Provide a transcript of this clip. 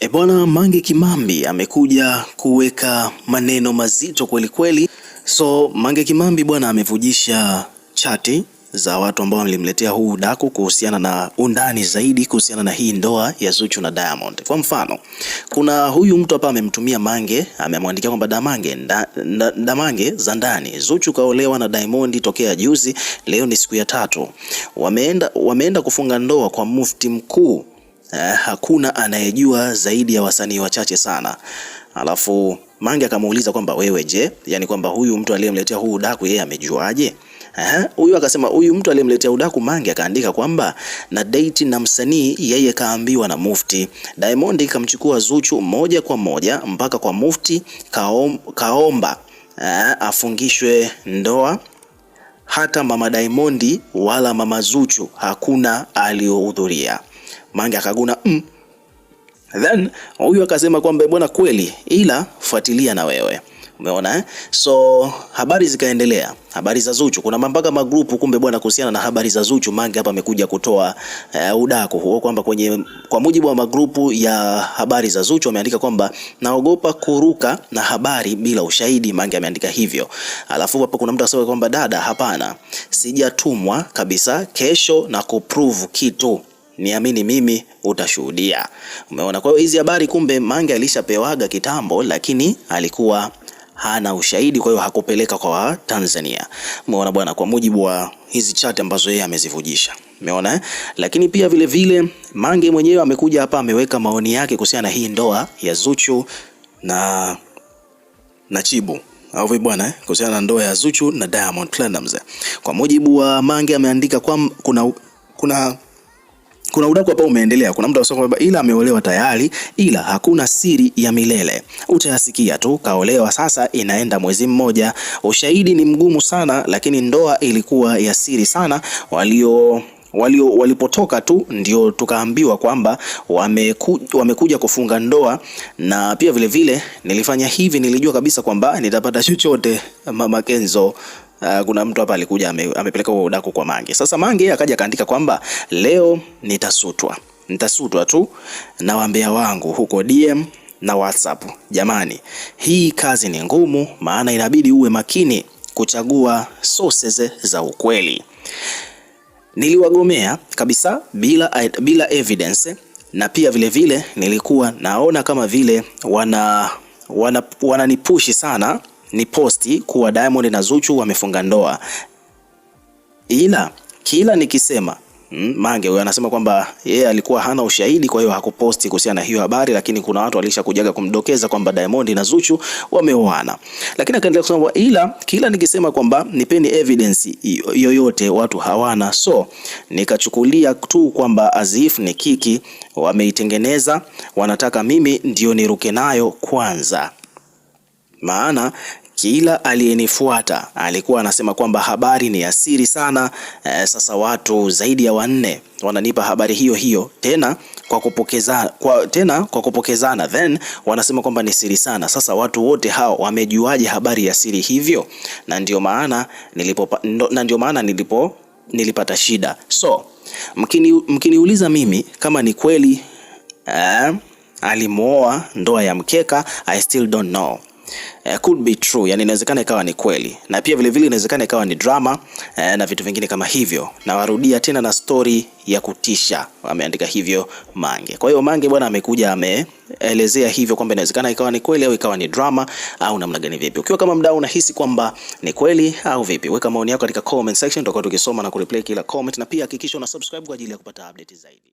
E bwana, Mange Kimambi amekuja kuweka maneno mazito kweli kweli. So Mange Kimambi bwana amevujisha chati za watu ambao walimletea huu udaku kuhusiana na undani zaidi kuhusiana na hii ndoa ya Zuchu na Diamond. Kwa mfano, kuna huyu mtu hapa amemtumia Mange, amemwandikia kwamba Damange Damange za ndani. Zuchu kaolewa na Diamond tokea juzi, leo ni siku ya tatu. Wameenda wameenda kufunga ndoa kwa mufti mkuu eh, hakuna anayejua zaidi ya wasanii wachache sana. Alafu Mange akamuuliza kwamba wewe je, yani kwamba huyu mtu aliyemletea huu udaku yeye amejuaje? Eh, huyu akasema huyu mtu aliyemletea udaku Mange akaandika kwamba na date na msanii yeye kaambiwa na Mufti. Diamond ikamchukua Zuchu moja kwa moja mpaka kwa Mufti kaom, kaomba eh, afungishwe ndoa. Hata mama Diamond wala mama Zuchu hakuna aliyohudhuria. Mange akaguna mm. Then huyu akasema kwamba bwana, kweli ila fuatilia na wewe Umeona eh? So habari zikaendelea, habari za Zuchu, kuna mpaka magrupu kumbe bwana, kuhusiana na habari za Zuchu. Mange hapa amekuja kutoa uh, eh, udako huo kwamba kwenye, kwa mujibu wa magrupu ya habari za Zuchu ameandika kwamba naogopa kuruka na habari bila ushahidi. Mange ameandika hivyo, alafu hapo kuna mtu asema kwamba dada, hapana, sijatumwa kabisa, kesho na kuprove kitu niamini mimi utashuhudia. Umeona, kwa hiyo hizi habari kumbe Mange alishapewaga kitambo, lakini alikuwa hana ushahidi, kwa hiyo hakupeleka kwa Tanzania. Umeona bwana, kwa mujibu wa hizi chati ambazo yeye amezivujisha. Umeona eh? Lakini pia vile vile Mange mwenyewe amekuja hapa ameweka maoni yake kuhusiana na hii ndoa ya Zuchu na na Chibu au vipi bwana eh, kuhusiana na ndoa ya Zuchu na Diamond Platinumz. Kwa mujibu wa Mange ameandika kwa kuna kuna kuna udaku ambao umeendelea. Kuna mtu anasema kwamba ila ameolewa tayari, ila hakuna siri ya milele, utayasikia tu. Kaolewa sasa, inaenda mwezi mmoja, ushahidi ni mgumu sana, lakini ndoa ilikuwa ya siri sana. walio walio walipotoka tu ndio tukaambiwa kwamba wameku, wamekuja kufunga ndoa. Na pia vilevile vile, nilifanya hivi, nilijua kabisa kwamba nitapata chochote Mama Kenzo. Uh, kuna mtu hapa alikuja ame, amepeleka huo udaku kwa Mange. Sasa Mange akaja akaandika kwamba leo nitasutwa, nitasutwa tu na wambea wangu huko DM na WhatsApp. Jamani, hii kazi ni ngumu, maana inabidi uwe makini kuchagua sources za ukweli. Niliwagomea kabisa bila, bila evidence na pia vilevile vile, nilikuwa naona kama vile wana wananipushi wana sana ni posti kuwa Diamond na Zuchu wamefunga ndoa, ila kila nikisema Mm, Mange huyo anasema kwamba yeye yeah, alikuwa hana ushahidi kwa hiyo hakuposti kuhusiana na hiyo habari, lakini kuna watu walisha kujaga kumdokeza kwamba Diamond na Zuchu wameoana, lakini akaendelea kusema ila kila nikisema kwamba nipeni evidence yoyote watu hawana, so nikachukulia tu kwamba Azif ni kiki wameitengeneza, wanataka mimi ndio niruke nayo kwanza maana kila aliyenifuata alikuwa anasema kwamba habari ni asiri sana. E, sasa watu zaidi ya wanne wananipa habari hiyo hiyo tena kwa kupokezana, kwa, tena kwa kupokezana then wanasema kwamba ni siri sana. Sasa watu wote hao wamejuaje habari ya siri hivyo? Na ndio maana nilipo, na ndio maana nilipo nilipata shida. So mkini, mkiniuliza mimi kama ni kweli eh, alimwoa ndoa ya mkeka, I still don't know eh, could be true, yani inawezekana ikawa ni kweli, na pia vilevile inawezekana ikawa ni drama eh, na vitu vingine kama hivyo. Na warudia tena na story ya kutisha, ameandika hivyo Mange. Kwa hiyo Mange bwana amekuja ameelezea hivyo kwamba inawezekana ikawa ni kweli au ikawa ni drama au namna gani, vipi? Ukiwa kama mdau unahisi kwamba ni kweli au vipi? Weka maoni yako katika comment section, tutakuwa tukisoma na kureply kila comment, na pia hakikisha una subscribe kwa ajili ya kupata update zaidi.